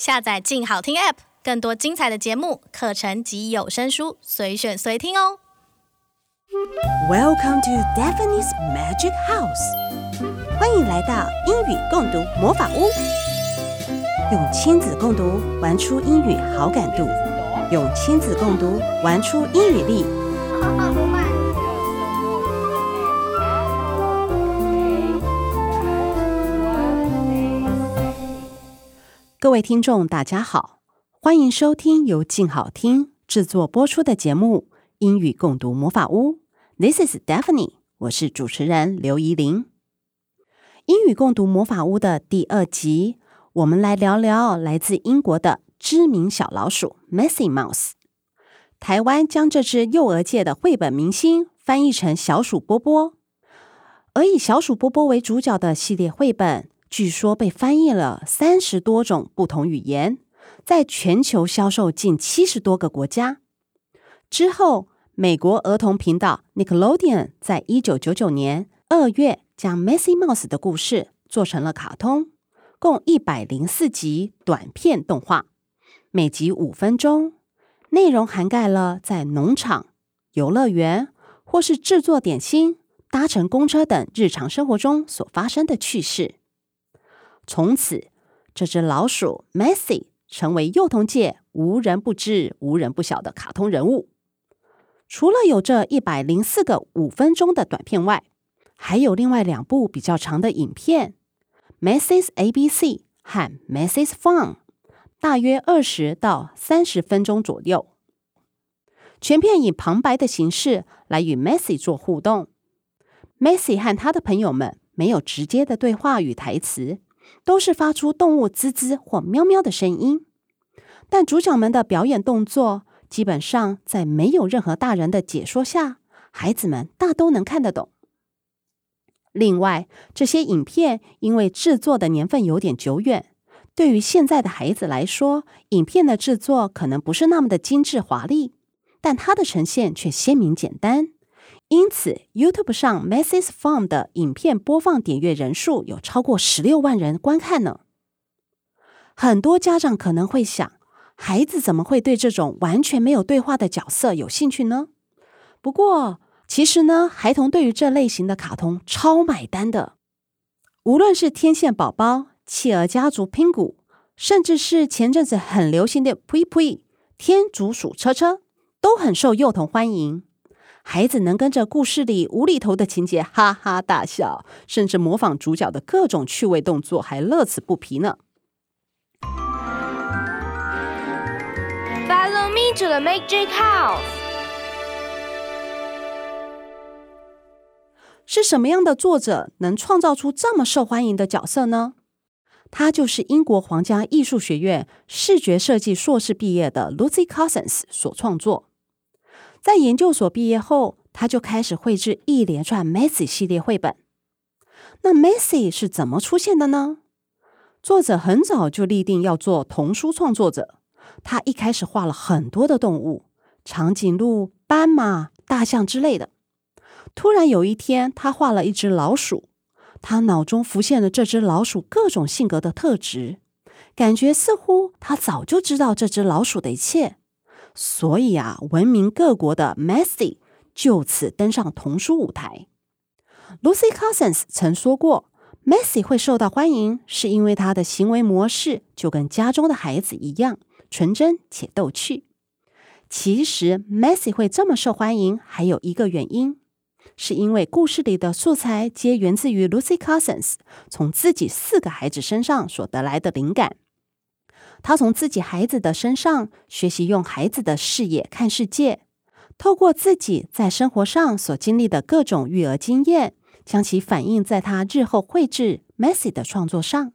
下載“靜好聽 ”App，更多精彩的節目、課程及有聲書，隨選隨聽哦。Welcome to Daphne's Magic House，歡迎來到英語共讀魔法屋。用親子共讀玩出英語好感度，用親子共讀玩出英語力。Oh 各位聽眾，大家好，歡迎收聽由靜好聽製作播出的節目《英語共讀魔法屋》。This is Daphne，我是主持人劉怡伶。英語共讀魔法屋的第二集，我們來聊聊來自英國的知名小老鼠 Maisy Mouse。台灣將這隻幼兒界的繪本明星翻譯成小鼠波波，而以小鼠波波為主角的系列繪本。據說被翻譯了三十多種不同語言，在全球銷售近七十多個國家。之後，美國兒童頻道 Nickelodeon 在一九九九年二月將《Maisy Mouse》的故事做成了卡通，共一百零四集短片動畫，每集五分鐘，內容涵蓋了在農場、遊樂園或是製作點心、搭乘公車等日常生活中所發生的趣事。從此，這只老鼠 Maisy 成為幼童界無人不知、無人不曉的卡通人物。除了有這一百零四個五分鐘的短片外，還有另外兩部比較長的影片《Maisy's ABC》和《Maisy's Fun》，大約二十到三十分鐘左右。全片以旁白的形式來與 Maisy 做互動。Maisy 和他的朋友們沒有直接的對話與台詞。都是發出動物“滋滋”或“喵喵”的聲音，但主角們的表演動作基本上在沒有任何大人的解說下，孩子們大都能看得懂。另外，這些影片因為制作的年份有點久遠，對於現在的孩子來說，影片的制作可能不是那麼的精致華麗，但它的呈現卻鮮明簡單。因此，YouTube 上 Maisy's Fun 的影片播放點閱人數有超過十六萬人觀看呢。很多家長可能會想，孩子怎麼會對這種完全沒有對話的角色有興趣呢？不過，其實呢，孩童對於這類型的卡通超買單的。無論是天線寶寶、企鵝家族 Pingu，甚至是前陣子很流行的 Pui Pui 天竺鼠車車，都很受幼童歡迎。孩子能跟着故事裡無厘頭的情節，哈哈大笑，甚至模仿主角的各種趣味動作，還樂此不疲呢。Follow me to the Magic House。是什麼樣的作者能創造出這麼受歡迎的角色呢？他就是英國皇家藝術學院視覺設計碩士畢業的 Lucy Cousins 所創作。在研究所畢業後，他就開始繪製一連串《Maisy》系列繪本。那《Maisy》是怎麼出現的呢？作者很早就立定要做童書創作者。他一開始畫了很多的動物，長頸鹿、斑馬、大象之類的。突然有一天，他畫了一隻老鼠，他腦中浮現了這隻老鼠各種性格的特質，感覺似乎他早就知道這隻老鼠的一切。所以啊，聞名各國的 Maisy 就此登上童書舞台。Lucy Cousins 曾說過，Maisy 會受到歡迎，是因為她的行為模式就跟家中的孩子一樣，純真且逗趣。其實 Maisy 會這麼受歡迎，還有一個原因，是因為故事裡的素材皆源自於 Lucy Cousins 從自己四個孩子身上所得來的靈感。他從自己孩子的身上學習，用孩子的視野看世界，透過自己在生活上所經歷的各種育兒經驗，將其反映在他日後繪製 Maisy 的創作上，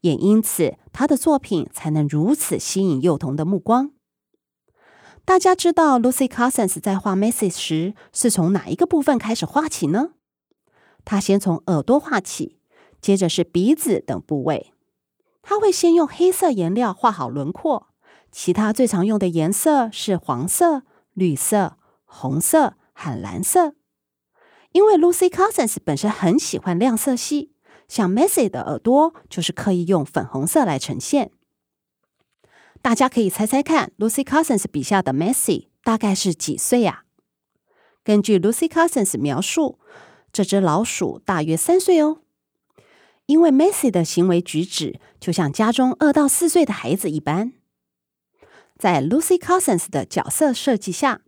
也因此他的作品才能如此吸引幼童的目光。大家知道 Lucy Cousins 在畫 Maisy 時是從哪一個部分開始畫起呢？他先從耳朵畫起，接着是鼻子等部位。他會先用黑色顏料畫好輪廓，其他最常用的顏色是黃色、綠色、紅色和藍色。因為 Lucy Cousins 本身很喜歡亮色系，像 Maisy 的耳朵就是刻意用粉紅色來呈現。大家可以猜猜看，Lucy Cousins 筆下的 Maisy 大概是幾歲呀、啊？根據 Lucy Cousins 描述，這只老鼠大約三歲哦。因為 Maisy 的行為舉止就像家中二到四歲的孩子一般，在 Lucy Cousins 的角色設計下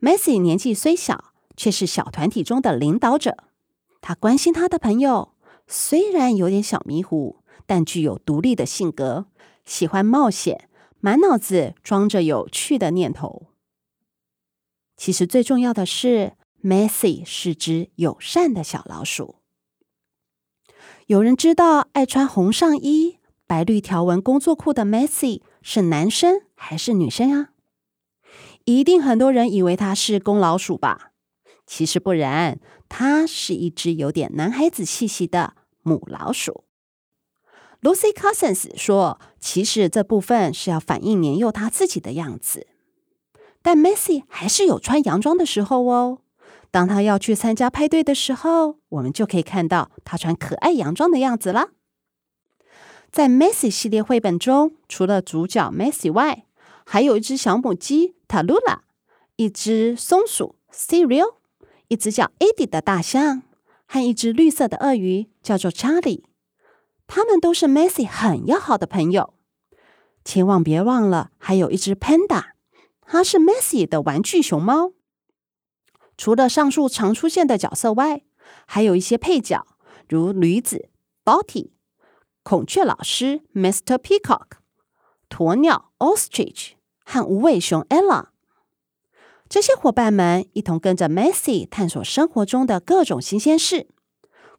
，Maisy 年紀雖小，卻是小團體中的領導者。他關心他的朋友，雖然有點小迷糊，但具有獨立的性格，喜歡冒險，滿腦子裝着有趣的念頭。其實最重要的是，Maisy 是只友善的小老鼠。有人知道愛穿紅上衣、白綠條紋工作褲的 Maisy 是男生還是女生呀、啊？一定很多人以為他是公老鼠吧？其實不然，他是一隻有點男孩子氣息的母老鼠。Lucy Cousins 說：“其實這部分是要反映年幼他自己的樣子，但 Maisy 還是有穿洋裝的時候哦。”當他要去參加派對的時候，我們就可以看到他穿可愛洋裝的樣子了。在 Maisy 系列繪本中，除了主角 Maisy 外，還有一隻小母雞 Tallulah，一隻松鼠 Cyril，一隻叫 Eddie 的大象，和一隻綠色的鱷魚，叫做 Charlie。他們都是 Maisy 很要好的朋友。千萬別忘了，還有一隻 Panda，它是 Maisy 的玩具熊貓。除了上述常出現的角色外，還有一些配角，如驢子 Botty、Boughty，孔雀老師 Mr. Peacock、鴕鳥 Ostrich 和無尾熊 Ella。這些夥伴們一同跟着 Maisy 探索生活中的各種新鮮事，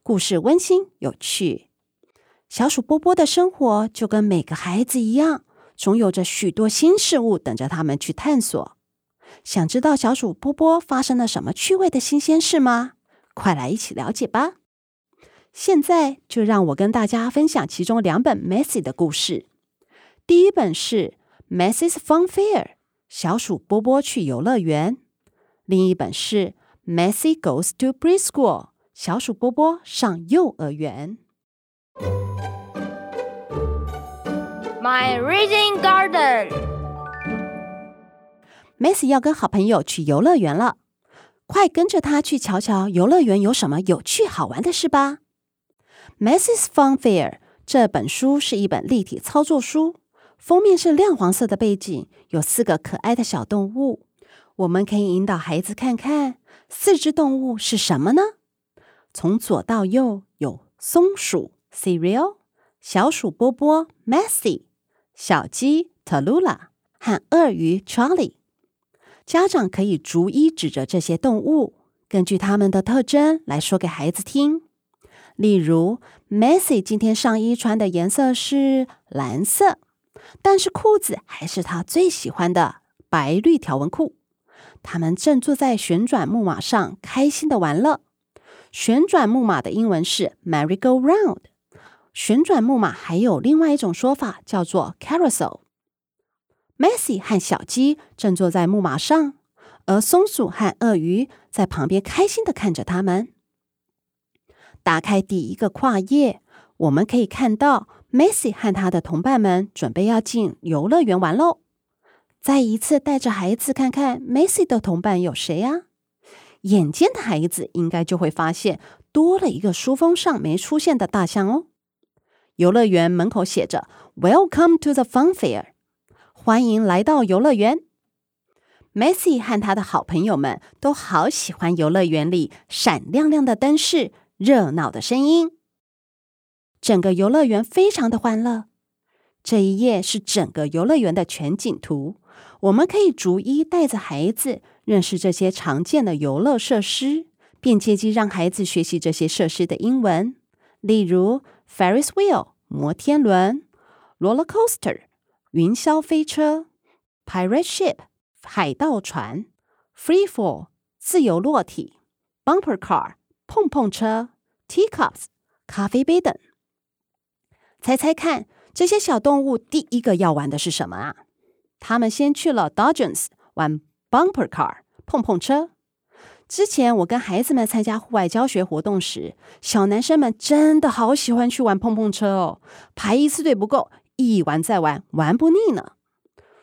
故事溫馨有趣。小鼠波波的生活就跟每個孩子一樣，總有着許多新事物等着他們去探索。想知道小鼠波波發生了什麼趣味的新鮮事嗎？快來一起了解吧！現在就讓我跟大家分享其中兩本 Maisy 的故事。第一本是《Maisy's Fun Fair》，小鼠波波去遊樂園；另一本是《Maisy Goes to Preschool》，小鼠波波上幼兒園。My Reading Garden。Maisy 要跟好朋友去遊樂園了，快跟着他去瞧瞧遊樂園有什麼有趣好玩的事吧。《Maisy's Fun Fair》這本書是一本立體操作書，封面是亮黃色的背景，有四個可愛的小動物。我們可以引導孩子看看四隻動物是什麼呢？從左到右有松鼠 Cereal、小鼠波波 Maisy、Maisy，小雞 Tallulah 和鱷魚，魚 Charlie。家長可以逐一指着這些動物，根據它們的特徵來說給孩子聽。例如，Maisy 今天上衣穿的顏色是藍色，但是褲子還是他最喜歡的白綠條紋褲。他們正坐在旋轉木馬上，開心的玩樂。旋轉木馬的英文是 “merry-go-round”。旋轉木馬還有另外一種說法，叫做 “carousel”。Maisy 和小雞正坐在木馬上，而松鼠和鱷魚在旁邊開心地看着他們。打開第一個跨頁，我們可以看到 Maisy 和他的同伴們準備要進遊樂園玩嘍。再一次帶着孩子看看 Maisy 的同伴有誰呀、啊？眼尖的孩子應該就會發現多了一個書封上沒出現的大象哦。遊樂園門口寫着 “Welcome to the Fun Fair”。歡迎來到遊樂園，Maisy 和她的好朋友們都好喜歡遊樂園裡閃亮亮的燈飾、熱鬧的聲音。整個遊樂園非常的歡樂。這一頁是整個遊樂園的全景圖，我們可以逐一帶着孩子認識這些常見的遊樂設施，並借機讓孩子學習這些設施的英文，例如 Ferris wheel（ 摩天輪）、Roller coaster。雲霄飛車、pirate ship、海盜船、free fall、自由落體、bumper car、碰碰車、tea cups、咖啡杯等。猜猜看，這些小動物第一個要玩的是什麼啊？他們先去了 dodgems 玩 bumper car 碰碰車。之前我跟孩子們參加戶外教學活動時，小男生們真的好喜歡去玩碰碰車哦，排一次隊不夠。一玩再玩，玩不膩呢。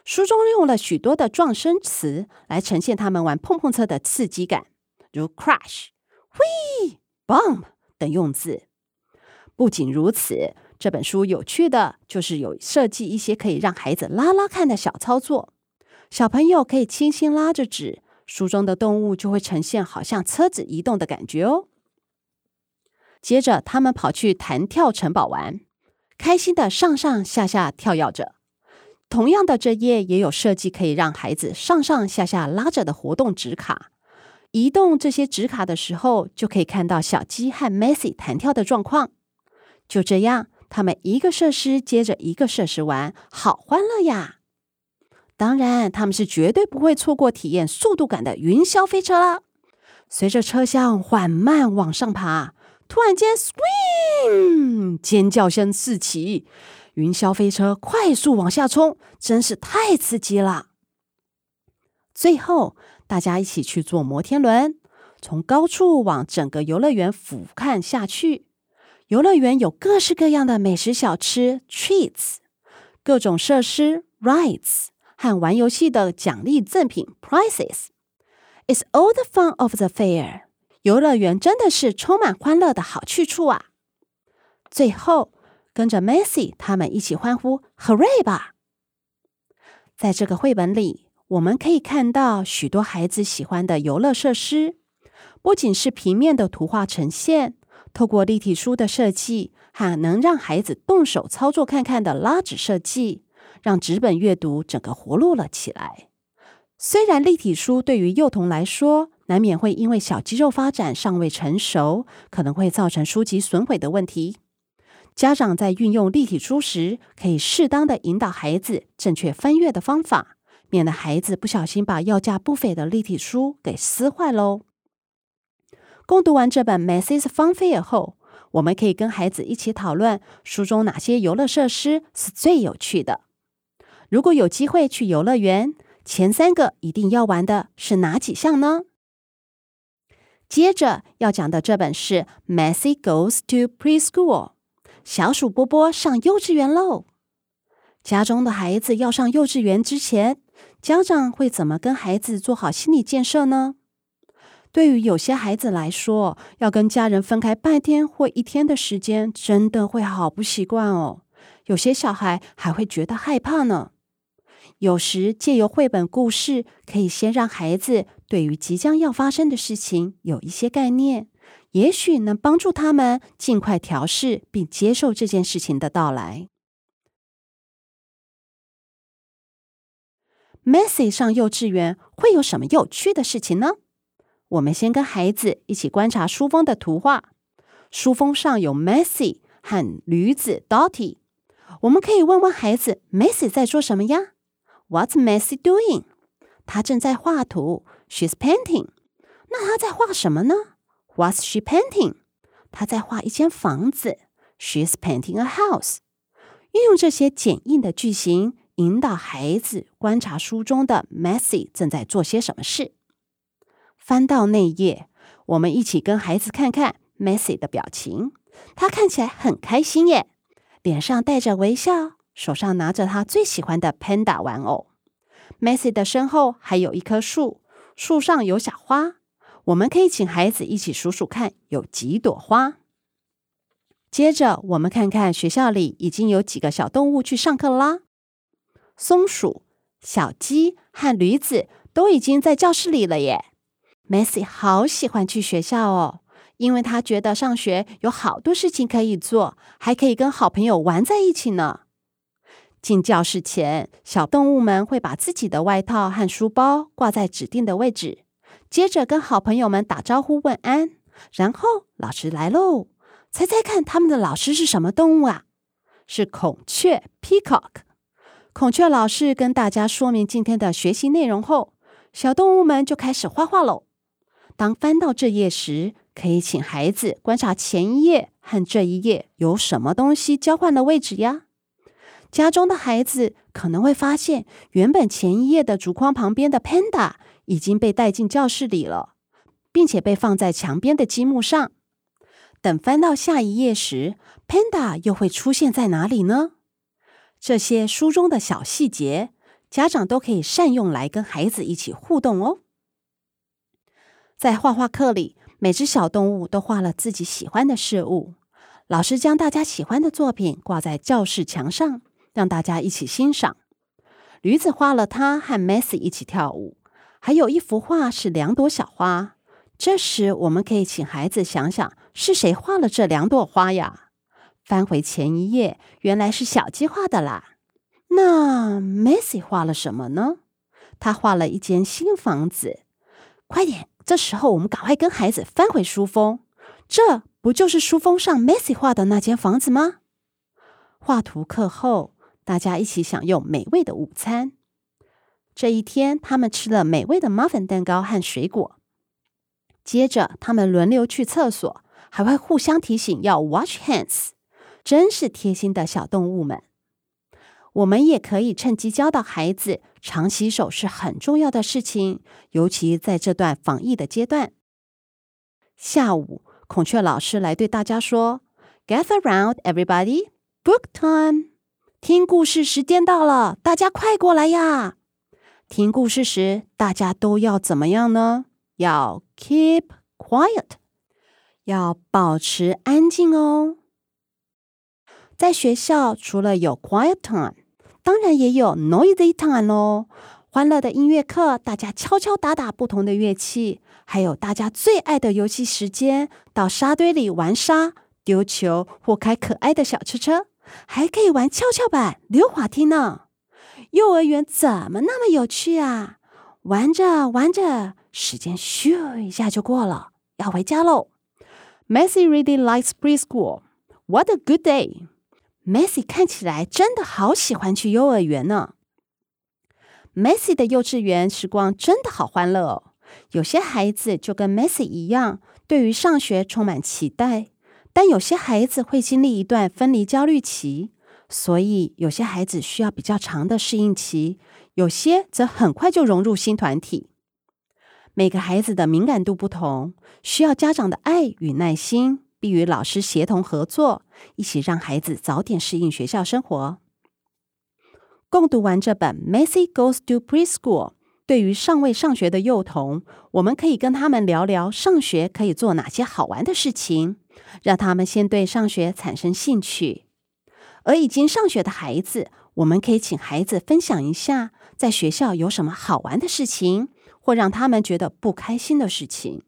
書中用了許多的狀聲詞來呈現他們玩碰碰車的刺激感，如 crash、whee、bump 等用字。不僅如此，這本書有趣的就是有設計一些可以讓孩子拉拉看的小操作。小朋友可以輕輕拉着紙，書中的動物就會呈現好像車子移動的感覺哦。接着，他們跑去彈跳城堡玩。開心的上上下下跳躍着。同樣的，這頁也有設計可以讓孩子上上下下拉着的活動紙卡。移動這些紙卡的時候，就可以看到小雞和 Maisy 彈跳的狀況。就這樣，他們一個設施接着一個設施玩，好歡樂呀！當然，他們是絕對不會錯過體驗速度感的雲霄飛車了。隨着車廂緩慢往上爬。突然間 swing 尖叫聲四起，雲霄飛車快速往下衝，真是太刺激了。最後，大家一起去坐摩天輪，從高處往整個遊樂園俯瞰下去。遊樂園有各式各樣的美食小吃 （treats）、各種設施 （rides） 和玩遊戲的獎勵贈品 （prizes）。It's all the fun of the fair. 遊樂園真的是充滿歡樂的好去處啊！最後，跟着 Maisy 他們一起歡呼 “Hooray 吧！”在這個繪本裡，我們可以看到許多孩子喜歡的遊樂設施，不僅是平面的圖畫呈現，透過立體書的設計，還能讓孩子動手操作看看的拉紙設計，讓紙本閱讀整個活絡了起來。雖然立體書對於幼童來說，難免會因為小肌肉發展尚未成熟，可能會造成書籍損毀的問題。家長在運用立體書時，可以適當的引導孩子正確翻閱的方法，免得孩子不小心把要價不菲的立體書給撕壞嘍。共讀完這本《Maisy's Fun Fair》後，我們可以跟孩子一起討論書中哪些遊樂設施是最有趣的。如果有機會去遊樂園，前三個一定要玩的是哪幾項呢？接着要講的這本是《Maisy Goes to Preschool》，小鼠波波上幼稚園嘍。家中的孩子要上幼稚園之前，家長會怎麼跟孩子做好心理建設呢？對於有些孩子來說，要跟家人分開半天或一天的時間，真的會好不習慣哦。有些小孩還會覺得害怕呢。有時借由繪本故事，可以先讓孩子。對於即將要發生的事情有一些概念，也許能幫助他們儘快調適並接受這件事情的到來。Maisy 上幼稚園會有什麼有趣的事情呢？我們先跟孩子一起觀察書封的圖畫。書封上有 Maisy 和驢子 Dotty。我們可以問問孩子 Maisy 在做什麼呀？What's Maisy doing？他正在畫圖。She's painting，那她在畫什麼呢？What's she painting？她在畫一間房子。She's painting a house。運用這些簡易的句型，引導孩子觀察書中的 Maisy 正在做些什麼事。翻到那一頁，我們一起跟孩子看看 Maisy 的表情。她看起來很開心耶，臉上帶着微笑，手上拿着她最喜歡的 Panda 玩偶。Maisy 的身後還有一棵樹。樹上有小花，我們可以請孩子一起數數看有幾朵花。接着，我們看看學校裡已經有幾個小動物去上課啦。松鼠、小雞和驢子都已經在教室裡了耶。Maisy 好喜歡去學校哦，因為他覺得上學有好多事情可以做，還可以跟好朋友玩在一起呢。進教室前，小動物們會把自己的外套和書包掛在指定的位置，接着跟好朋友們打招呼問安，然後老師來嘍。猜猜看，他們的老師是什麼動物啊？是孔雀 （Peacock）。孔雀老師跟大家說明今天的學習內容後，小動物們就開始畫畫嘍。當翻到這頁時，可以請孩子觀察前一頁和這一頁有什麼東西交換的位置呀。家中的孩子可能會發現，原本前一頁的竹筐旁邊的 panda 已經被帶進教室裡了，並且被放在牆邊的積木上。等翻到下一頁時，panda 又會出現在哪裡呢？這些書中的小細節，家長都可以善用來跟孩子一起互動哦。在畫畫課裡，每隻小動物都畫了自己喜歡的事物，老師將大家喜歡的作品掛在教室牆上。讓大家一起欣賞。驢子畫了他和 Maisy 一起跳舞，還有一幅畫是兩朵小花。這時，我們可以請孩子想想是誰畫了這兩朵花呀？翻回前一頁，原來是小雞畫的啦。那 Maisy 畫了什麼呢？他畫了一間新房子。快點！這時候我們趕快跟孩子翻回書封。這不就是書封上 Maisy 畫的那間房子嗎？畫圖課後，大家一起享用美味的午餐。這一天，他們吃了美味的 muffin 蛋糕和水果。接着，他們輪流去廁所，還會互相提醒要 wash hands。真是貼心的小動物們！我們也可以趁機教導孩子，常洗手是很重要的事情，尤其在這段防疫的階段。下午，孔雀老師來對大家說：“Gather around, everybody! Book time.” 聽故事時間到了，大家快過來呀！聽故事時，大家都要怎麼樣呢？要 keep quiet，要保持安靜哦。在學校，除了有 quiet time，當然也有 noisy time 咯。歡樂的音樂課，大家敲敲打打不同的樂器，還有大家最愛的遊戲時間，到沙堆裡玩沙、丟球或開可愛的小車車。還可以玩蹺蹺板、溜滑梯呢。幼兒園怎麼那麼有趣啊？玩着玩着，時間咻一下就過了，要回家嘍。Maisy really likes preschool. What a good day! Maisy 看起來真的好喜歡去幼兒園呢。Maisy 的幼稚園時光真的好歡樂哦。有些孩子就跟 Maisy 一樣，對於上學充滿期待。但有些孩子會經歷一段分離焦慮期，所以有些孩子需要比較長的適應期，有些則很快就融入新團體。每個孩子的敏感度不同，需要家長的愛與耐心，並與老師協同合作，一起讓孩子早點適應學校生活。共讀完這本《Maisy Goes to Preschool》，對於尚未上學的幼童，我們可以跟他們聊聊上學可以做哪些好玩的事情。讓他們先對上學產生興趣，而已經上學的孩子，我們可以請孩子分享一下在學校有什麼好玩的事情，或讓他們覺得不開心的事情。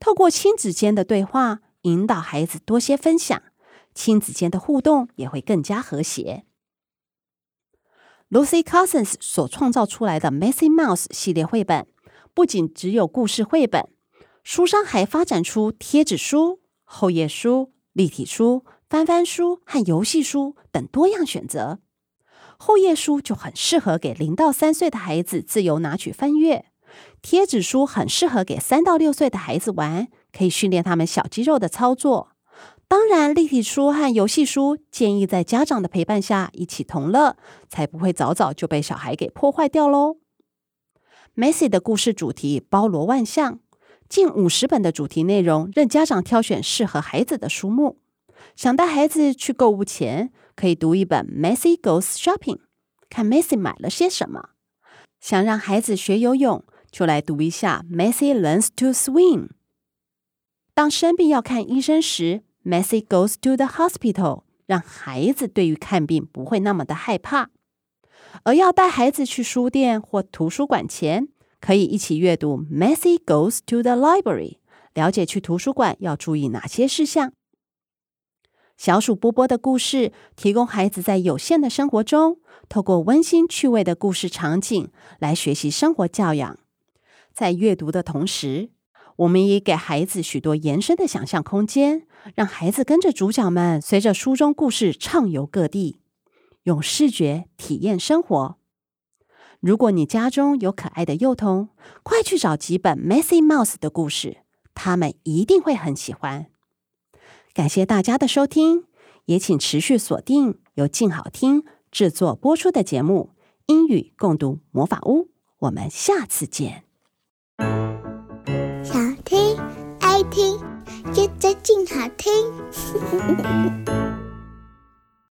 透過親子間的對話，引導孩子多些分享，親子間的互動也會更加和諧。Lucy Cousins 所創造出來的《Maisy Mouse》系列繪本，不僅只有故事繪本，書商還發展出貼紙書。厚頁書、立體書、翻翻書和遊戲書等多樣選擇。厚頁書就很適合給零到三歲的孩子自由拿取翻閱，貼紙書很適合給三到六歲的孩子玩，可以訓練他們小肌肉的操作。當然，立體書和遊戲書建議在家長的陪伴下一起同樂，才不會早早就被小孩給破壞掉嘍。Maisy 的故事主題包羅萬象。近五十本的主題內容，任家長挑選適合孩子的書目。想帶孩子去購物前，可以讀一本《Maisy Goes Shopping》，看 Maisy 買了些什麼。想讓孩子學游泳，就來讀一下《Maisy Learns to Swim》。當生病要看醫生時，《Maisy Goes to the Hospital》，讓孩子對於看病不會那麼的害怕。而要帶孩子去書店或圖書館前，可以一起閱讀《Messy Goes to the Library》，了解去圖書館要注意哪些事項。小鼠波波的故事提供孩子在有限的生活中，透過溫馨趣味的故事場景來學習生活教養。在閱讀的同時，我們也給孩子許多延伸的想象空間，讓孩子跟着主角們，隨着書中故事暢遊各地，用視覺體驗生活。如果你家中有可愛的幼童，快去找幾本《Maisy Mouse》的故事，他們一定會很喜歡。感謝大家的收聽，也請持續鎖定由靜好聽制作播出的節目《英語共讀魔法屋》，我們下次見。想聽愛聽，就找靜好聽。